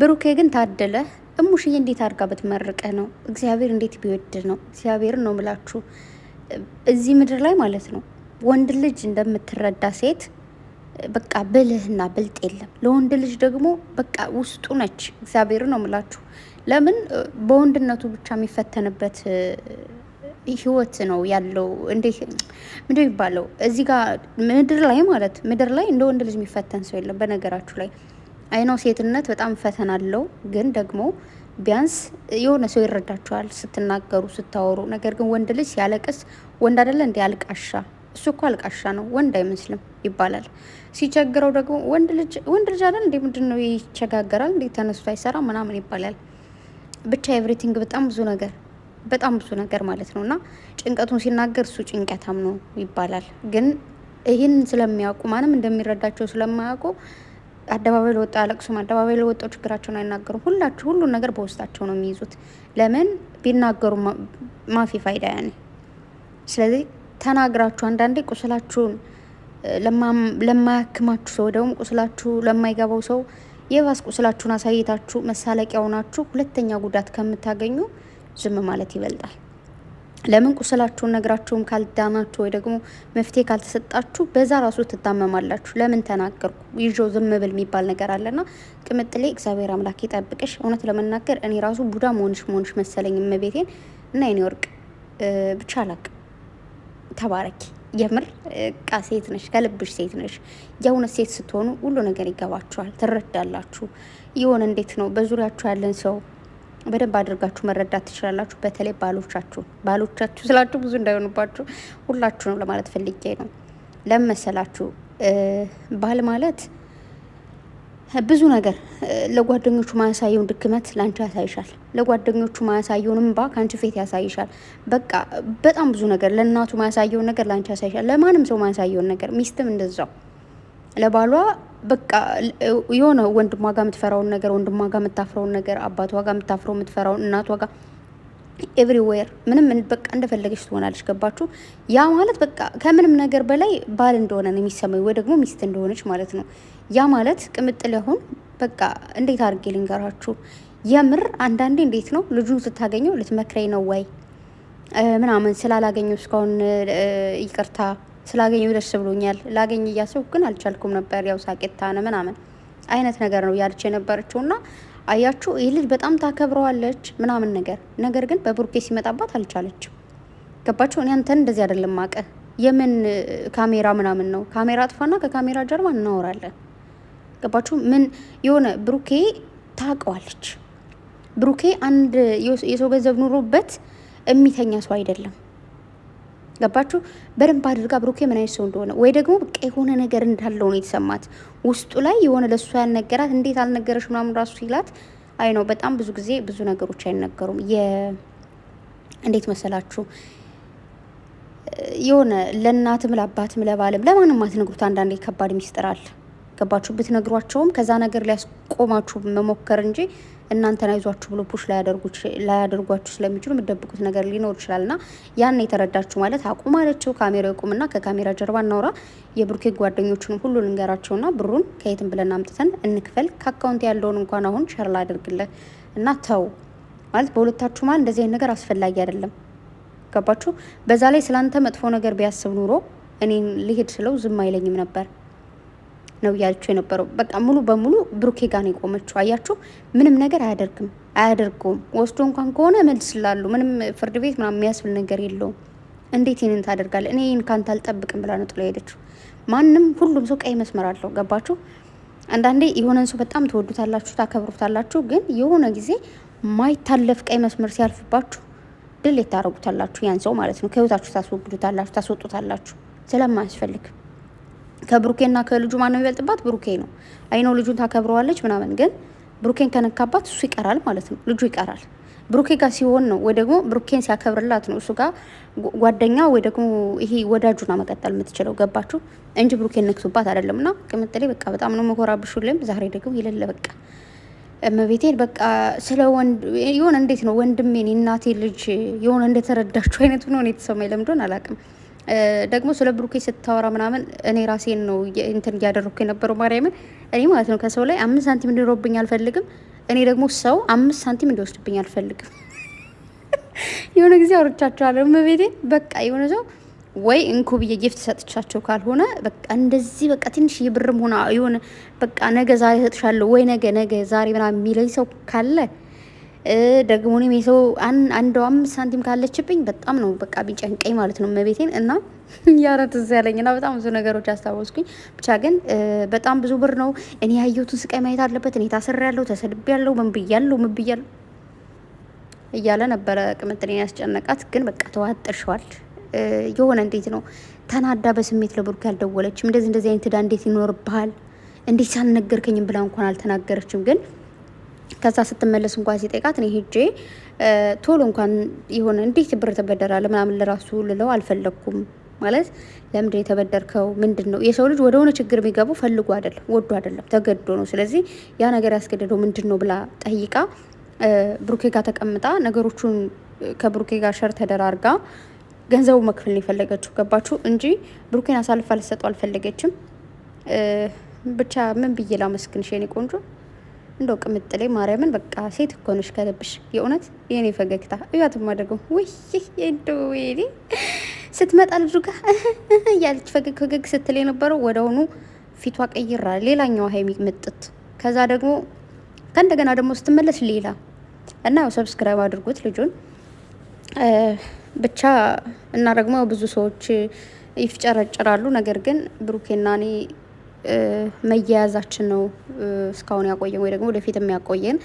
ብሩኬ ግን ታደለ እሙሽዬ እንዴት አድርጋ ብትመርቀ ነው። እግዚአብሔር እንዴት ቢወድ ነው። እግዚአብሔርን ነው ምላችሁ እዚህ ምድር ላይ ማለት ነው ወንድ ልጅ እንደምትረዳ ሴት በቃ ብልህና ብልጥ የለም። ለወንድ ልጅ ደግሞ በቃ ውስጡ ነች። እግዚአብሔር ነው ምላችሁ። ለምን በወንድነቱ ብቻ የሚፈተንበት ህይወት ነው ያለው። እንዴት ምንድ ይባለው እዚህ ጋር ምድር ላይ ማለት ምድር ላይ እንደ ወንድ ልጅ የሚፈተን ሰው የለም በነገራችሁ ላይ አይነው ሴትነት በጣም ፈተና አለው፣ ግን ደግሞ ቢያንስ የሆነ ሰው ይረዳችኋል ስትናገሩ ስታወሩ። ነገር ግን ወንድ ልጅ ሲያለቅስ ወንድ አይደለ እንዲ አልቃሻ እሱ እኮ አልቃሻ ነው ወንድ አይመስልም ይባላል። ሲቸግረው ደግሞ ወንድ ልጅ ወንድ ልጅ አይደል ምንድን ነው ይቸጋገራል እንዲ ተነስቶ አይሰራ ምናምን ይባላል። ብቻ ኤቭሪቲንግ በጣም ብዙ ነገር በጣም ብዙ ነገር ማለት ነው። እና ጭንቀቱን ሲናገር እሱ ጭንቀታም ነው ይባላል። ግን ይህን ስለሚያውቁ ማንም እንደሚረዳቸው ስለማያውቁ አደባባይ ለወጣ አያለቅሱም። አደባባይ ለወጣው ችግራቸውን አይናገሩም። ሁላችሁ ሁሉን ነገር በውስጣቸው ነው የሚይዙት። ለምን ቢናገሩ ማፊ ፋይዳ ያኔ። ስለዚህ ተናግራችሁ አንዳንዴ ቁስላችሁን ለማያክማችሁ ሰው ደግሞ ቁስላችሁ ለማይገባው ሰው የባስ ቁስላችሁን አሳይታችሁ መሳለቂያ ሆናችሁ ሁለተኛ ጉዳት ከምታገኙ ዝም ማለት ይበልጣል። ለምን ቁስላችሁን ነግራችሁም ካልዳናችሁ ወይ ደግሞ መፍትሄ ካልተሰጣችሁ በዛ ራሱ ትታመማላችሁ። ለምን ተናገርኩ ይዞ ዝም ብል የሚባል ነገር አለና ቅምጥሌ፣ እግዚአብሔር አምላክ ይጠብቅሽ። እውነት ለመናገር እኔ ራሱ ቡዳ መሆንሽ መሆንሽ መሰለኝ እመቤቴን እና የኔ ወርቅ ብቻ አላቅ ተባረኪ። የምር ቃ ሴት ነሽ፣ ከልብሽ ሴት ነሽ። የእውነት ሴት ስትሆኑ ሁሉ ነገር ይገባችኋል፣ ትረዳላችሁ። ይሆን እንዴት ነው በዙሪያችሁ ያለን ሰው በደንብ አድርጋችሁ መረዳት ትችላላችሁ። በተለይ ባሎቻችሁ ባሎቻችሁ ስላችሁ ብዙ እንዳይሆኑባችሁ ሁላችሁ ነው ለማለት ፈልጌ ነው። ለመሰላችሁ ባል ማለት ብዙ ነገር ለጓደኞቹ ማያሳየውን ድክመት ለአንቺ ያሳይሻል። ለጓደኞቹ ማያሳየውን እንባ ከአንቺ ፊት ያሳይሻል። በቃ በጣም ብዙ ነገር ለእናቱ ማያሳየውን ነገር ለአንቺ ያሳይሻል። ለማንም ሰው ማያሳየውን ነገር ሚስትም እንደዛው ለባሏ በቃ የሆነ ወንድሟ ጋር የምትፈራውን ነገር ወንድሟ ጋር የምታፍረውን ነገር አባቷ ጋር የምታፍረው የምትፈራውን እናቷ ጋር ኤቭሪዌር ምንም በቃ እንደፈለገች ትሆናለች። ገባችሁ? ያ ማለት በቃ ከምንም ነገር በላይ ባል እንደሆነ ነው የሚሰማኝ፣ ወይ ደግሞ ሚስት እንደሆነች ማለት ነው። ያ ማለት ቅምጥል ያሁን በቃ እንዴት አድርጌ ልንገራችሁ? የምር አንዳንዴ እንዴት ነው ልጁን ስታገኘው ልትመክረኝ ነው ወይ ምናምን ስላላገኘው እስካሁን ይቅርታ ስላገኘው ደስ ብሎኛል። ላገኝ እያሰብኩ ግን አልቻልኩም ነበር። ያው ሳቄታ ምናምን አይነት ነገር ነው ያለች ና አያችሁ ይህ ልጅ በጣም ታከብረዋለች ምናምን ነገር ነገር ግን በብሩኬ ሲመጣባት አልቻለችም። ገባችሁ? እኔ አንተን እንደዚህ አይደለም ማቀ የምን ካሜራ ምናምን ነው ካሜራ አጥፋና ከካሜራ ጀርባ እናወራለን። ገባችሁ? ምን የሆነ ብሩኬ ታውቀዋለች። ብሩኬ አንድ የሰው ገንዘብ ኑሮበት የሚተኛ ሰው አይደለም። ገባችሁ? በደንብ አድርጋ ብሩኬ ምን አይነት ሰው እንደሆነ ወይ ደግሞ በቃ የሆነ ነገር እንዳለው ነው የተሰማት። ውስጡ ላይ የሆነ ለእሷ ያልነገራት እንዴት አልነገረሽ ምናምን ራሱ ሲላት አይ ነው በጣም ብዙ ጊዜ ብዙ ነገሮች አይነገሩም። እንዴት መሰላችሁ የሆነ ለእናትም ለአባትም ለባልም ለማንም አትነግሩት። አንዳንዴ ከባድ ሚስጥር አለ። እንዳስገባችሁ ብትነግሯቸውም ከዛ ነገር ሊያስቆማችሁ መሞከር እንጂ እናንተን አይዟችሁ ብሎ ፑሽ ላያደርጓችሁ ስለሚችሉ የምደብቁት ነገር ሊኖር ይችላል። ና ያን የተረዳችሁ ማለት አቁም አለችው። ካሜራ ይቁም ና ከካሜራ ጀርባ እናውራ። የብሩኬ ጓደኞችን ሁሉ ልንገራቸው ና ብሩን ከየትም ብለን አምጥተን እንክፈል። ከአካውንት ያለውን እንኳን አሁን ሸር ላደርግልህ እና ተው ማለት በሁለታችሁ ማል እንደዚህ አይነት ነገር አስፈላጊ አይደለም። ገባችሁ? በዛ ላይ ስለአንተ መጥፎ ነገር ቢያስብ ኑሮ እኔ ልሄድ ስለው ዝም አይለኝም ነበር። ነው እያለችው የነበረው። በቃ ሙሉ በሙሉ ብሩኬ ጋር ነው የቆመችው። አያችሁ፣ ምንም ነገር አያደርግም አያደርገውም። ወስዶ እንኳን ከሆነ እመልስላለሁ፣ ምንም ፍርድ ቤት ምናምን የሚያስብል ነገር የለውም። እንዴት ይህንን ታደርጋለ እኔ ይህን ካንተ አልጠብቅም ብላ ነው ጥላ ሄደችው። ማንም ሁሉም ሰው ቀይ መስመር አለው። ገባችሁ? አንዳንዴ የሆነን ሰው በጣም ትወዱታላችሁ፣ ታከብሩታላችሁ። ግን የሆነ ጊዜ ማይታለፍ ቀይ መስመር ሲያልፍባችሁ ድል የታረጉታላችሁ ያን ሰው ማለት ነው። ከህይወታችሁ ታስወግዱታላችሁ፣ ታስወጡታላችሁ ስለማያስፈልግ ከብሩኬና ከልጁ ማን ነው የሚበልጥባት? ብሩኬ ነው። አይ ነው ልጁን ታከብረዋለች ምናምን፣ ግን ብሩኬን ከነካባት እሱ ይቀራል ማለት ነው፣ ልጁ ይቀራል። ብሩኬ ጋር ሲሆን ነው ወይ ደግሞ ብሩኬን ሲያከብርላት ነው እሱ ጋር ጓደኛ ወይ ደግሞ ይሄ ወዳጁና መቀጠል የምትችለው ገባችሁ? እንጂ ብሩኬን ነክቱባት አይደለም። እና ቅምጥሌ በቃ በጣም ነው መኮራብሹልም። ዛሬ ደግሞ ይለለ በቃ እመቤቴን በቃ ስለ ወንድ የሆነ እንዴት ነው ወንድሜን የእናቴ ልጅ የሆነ እንደተረዳችሁ አይነቱ ነው የተሰማኝ። ለምዶን አላውቅም ደግሞ ስለ ብሩኬ ስታወራ ምናምን እኔ ራሴን ነው እንትን እያደረግኩ የነበረው ማርያምን እኔ ማለት ነው ከሰው ላይ አምስት ሳንቲም እንዲኖርብኝ አልፈልግም። እኔ ደግሞ ሰው አምስት ሳንቲም እንዲወስድብኝ አልፈልግም። የሆነ ጊዜ አውርቻቸዋለሁ። እመቤቴ በቃ የሆነ ሰው ወይ እንኩ ብዬ ጊፍት ሰጥቻቸው ካልሆነ በቃ እንደዚህ በቃ ትንሽ ይብርም ሆነ የሆነ በቃ ነገ ዛሬ ሰጥሻለሁ ወይ ነገ ነገ ዛሬ ምናምን የሚለኝ ሰው ካለ ደግሞ እኔም የሰው አንዷ አምስት ሳንቲም ካለችብኝ በጣም ነው በቃ ቢጨንቀኝ ማለት ነው መቤቴን እና ያረት እዛ ያለኝ እና በጣም ብዙ ነገሮች አስታወስኩኝ። ብቻ ግን በጣም ብዙ ብር ነው። እኔ ያየሁትን ስቃይ ማየት አለበት። እኔ ታስሬ ያለው ተሰድቤ ያለው ምን ብያለሁ ምን ብያለሁ እያለ ነበረ ቅምጥሌን ያስጨነቃት። ግን በቃ ተዋጥርሸዋል። የሆነ እንዴት ነው ተናዳ በስሜት ለብሩክ ያልደወለችም እንደዚህ እንደዚህ አይነት እዳ እንዴት ይኖርብሃል እንዴት ሳልነገርከኝም ብላ እንኳን አልተናገረችም ግን ከዛ ስትመለስ እንኳን ሲጠይቃት እኔ ሄጄ ቶሎ እንኳን የሆነ እንዴት ብር ተበደራለ ምናምን ለራሱ ልለው አልፈለግኩም። ማለት ለምንድን የተበደርከው? ምንድን ነው የሰው ልጅ ወደ ሆነ ችግር የሚገቡ ፈልጎ አይደለም፣ ወዶ አይደለም፣ ተገዶ ነው። ስለዚህ ያ ነገር ያስገደደው ምንድን ነው ብላ ጠይቃ ብሩኬ ጋር ተቀምጣ ነገሮቹን ከብሩኬ ጋር ሸር ተደራርጋ ገንዘቡ መክፈል ነው የፈለገችው። ገባችሁ? እንጂ ብሩኬን አሳልፋ ልሰጠው አልፈለገችም። ብቻ ምን ብዬ ላመስግንሽ የኔ ቆንጆ? እንደው ቅምጥሌ ማርያምን በቃ ሴት እኮ ነሽ ከልብሽ። የእውነት የኔ ፈገግታ እያትም አደገው ውይ እንደው ኔ ስትመጣ ልጁ ጋ እያለች ፈገግ ፈገግ ስትል የነበረው ወደውኑ ፊቷ ቀይራ ሌላኛው ሀይሚ ምጥት። ከዛ ደግሞ ከእንደገና ደግሞ ስትመለስ ሌላ እና ያው ሰብስክራይብ አድርጉት ልጁን ብቻ እና ደግሞ ብዙ ሰዎች ይፍጨረጭራሉ። ነገር ግን ብሩኬና እኔ መያያዛችን ነው እስካሁን ያቆየን ወይ ደግሞ ወደፊት የሚያቆየን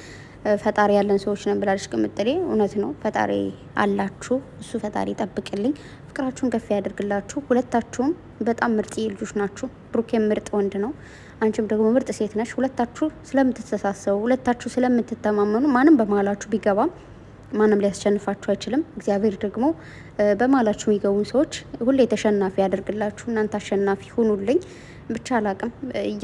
ፈጣሪ ያለን ሰዎች ነን ብላለች ቅምጥሌ። እውነት ነው፣ ፈጣሪ አላችሁ። እሱ ፈጣሪ ጠብቅልኝ ፍቅራችሁን ከፍ ያደርግላችሁ። ሁለታችሁም በጣም ምርጥ ልጆች ናችሁ። ብሩኬ ምርጥ ወንድ ነው፣ አንቺም ደግሞ ምርጥ ሴት ነች። ሁለታችሁ ስለምትተሳሰቡ፣ ሁለታችሁ ስለምትተማመኑ ማንም በመሀላችሁ ቢገባም ማንም ሊያስቸንፋችሁ አይችልም። እግዚአብሔር ደግሞ በመሀላችሁ የሚገቡን ሰዎች ሁሌ ተሸናፊ ያደርግላችሁ። እናንተ አሸናፊ ሁኑልኝ። ብቻ አላቅም።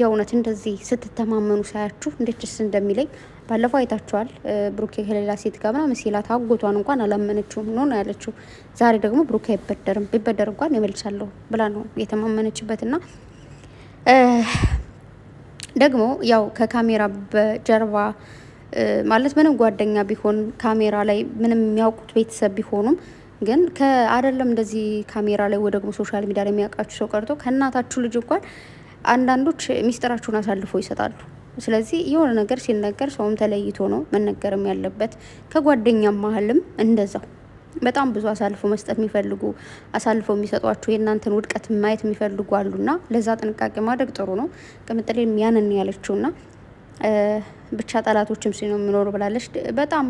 የእውነት እንደዚህ ስትተማመኑ ሳያችሁ እንዴትስ እንደሚለኝ ባለፈው አይታችኋል። ብሩኬ ከሌላ ሴት ጋር ምናምን ሲላት አጎቷን እንኳን አላመነችውም ነው ነው ያለችው። ዛሬ ደግሞ ብሩኬ አይበደርም ቢበደር እንኳን ይመልሳለሁ ብላ ነው የተማመነችበት። ና ደግሞ ያው ከካሜራ በጀርባ ማለት ምንም ጓደኛ ቢሆን ካሜራ ላይ ምንም የሚያውቁት ቤተሰብ ቢሆኑም ግን ከአደለም እንደዚህ ካሜራ ላይ ወይ ደግሞ ሶሻል ሚዲያ ላይ የሚያውቃችሁ ሰው ቀርቶ ከእናታችሁ ልጅ እንኳን አንዳንዶች ሚስጥራችሁን አሳልፎ ይሰጣሉ። ስለዚህ የሆነ ነገር ሲነገር ሰውም ተለይቶ ነው መነገርም ያለበት። ከጓደኛም መሀልም እንደዛው በጣም ብዙ አሳልፎ መስጠት የሚፈልጉ አሳልፎ የሚሰጧችሁ የእናንተን ውድቀት ማየት የሚፈልጉ አሉና ለዛ ጥንቃቄ ማድረግ ጥሩ ነው። ቅምጥሌም ያንን ያለችውና ብቻ ጠላቶችም ሲኖ የሚኖሩ ብላለች በጣም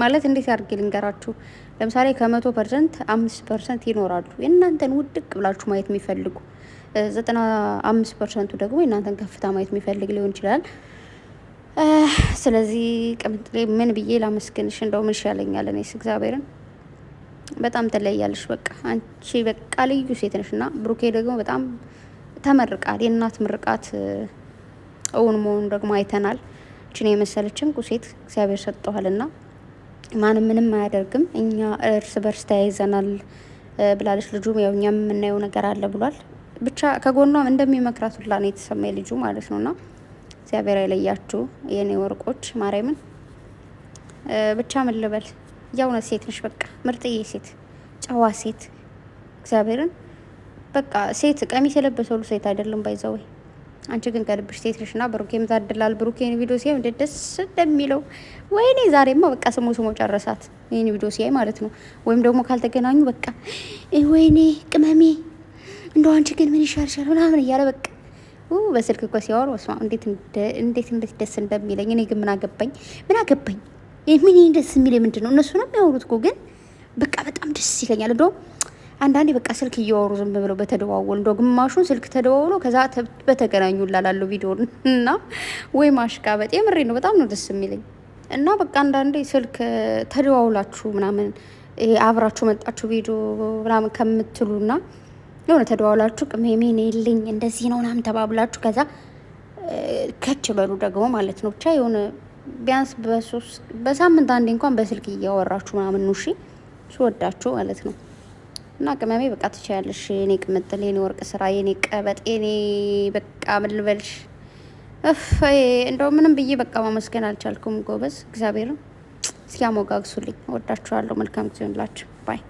ማለት እንዴት አድርጌ ልንገራችሁ? ለምሳሌ ከመቶ ፐርሰንት አምስት ፐርሰንት ይኖራሉ የእናንተን ውድቅ ብላችሁ ማየት የሚፈልጉ ዘጠና አምስት ፐርሰንቱ ደግሞ የእናንተን ከፍታ ማየት የሚፈልግ ሊሆን ይችላል። ስለዚህ ቅምጥሌ ምን ብዬ ላመስግንሽ? እንደው ምን ይሻለኛል? እኔስ እግዚአብሔርን በጣም ተለያለሽ። በቃ አንቺ በቃ ልዩ ሴት ነሽ እና ብሩኬ ደግሞ በጣም ተመርቃል። የእናት ምርቃት እውን መሆኑ ደግሞ አይተናል። እችን የመሰለችን ቁሴት እግዚአብሔር ሰጥተዋልና ማንም ምንም አያደርግም፣ እኛ እርስ በርስ ተያይዘናል ብላለች። ልጁ ያው እኛ የምናየው ነገር አለ ብሏል። ብቻ ከጎኗም እንደሚመክራት ሁላ ነው የተሰማኝ ልጁ ማለት ነውና እግዚአብሔር አይለያችሁ የኔ ወርቆች ማርያምን። ብቻ ምን ልበል የእውነት ሴት ነሽ፣ በቃ ምርጥዬ ሴት፣ ጨዋ ሴት፣ እግዚአብሔርን በቃ ሴት ቀሚስ የለበሰው ሁሉ ሴት አይደለም ባይዘወይ አንቺ ግን ከልብሽ ሴት ነሽ እና ብሩኬ የምታድላል። ብሩኬን ቪዲዮ ሲያይ እንደ ደስ እንደሚለው ወይኔ ዛሬማ በቃ ስሞ ስሞ ጨረሳት። ይህን ቪዲዮ ሲያይ ማለት ነው። ወይም ደግሞ ካልተገናኙ በቃ ወይኔ ቅመሜ እንደ አንቺ ግን ምን ይሻልሻል ምናምን እያለ በቃ በስልክ እኮ ሲያወር ወስማ እንዴት እንዴት ደስ እንደሚለኝ እኔ ግን ምን አገባኝ ምን አገባኝ ምን ደስ የሚለኝ ምንድን ነው? እነሱ ነው የሚያወሩት እኮ ግን በቃ በጣም ደስ ይለኛል እንደውም አንዳንዴ በቃ ስልክ እያወሩ ዝም ብለው በተደዋወሉ እንደ ግማሹን ስልክ ተደዋውሎ ከዛ በተገናኙ ላላሉ ቪዲዮ እና ወይ ማሽቃ በጤ የምሬ ነው። በጣም ነው ደስ የሚለኝ እና በቃ አንዳንዴ ስልክ ተደዋውላችሁ ምናምን አብራችሁ መጣችሁ ቪዲዮ ምናምን ከምትሉ ና የሆነ ተደዋውላችሁ ቅሜሜን የለኝ እንደዚህ ነው ምናምን ተባብላችሁ ከዛ ከች በሉ ደግሞ ማለት ነው ብቻ የሆነ ቢያንስ በሶስት በሳምንት አንዴ እንኳን በስልክ እያወራችሁ ምናምን ኑሺ ስወዳችሁ ማለት ነው። እና ቅመሜ በቃ ትችያለሽ፣ የኔ ቅምጥል፣ የኔ ወርቅ ስራ፣ የኔ ቀበጥ፣ የኔ በቃ ምን ልበልሽ? እንደው ምንም ብዬ በቃ ማመስገን አልቻልኩም። ጎበዝ እግዚአብሔርን እስኪ አሞጋግሱልኝ። ወዳችኋለሁ። መልካም ጊዜ ሆንላችሁ ባይ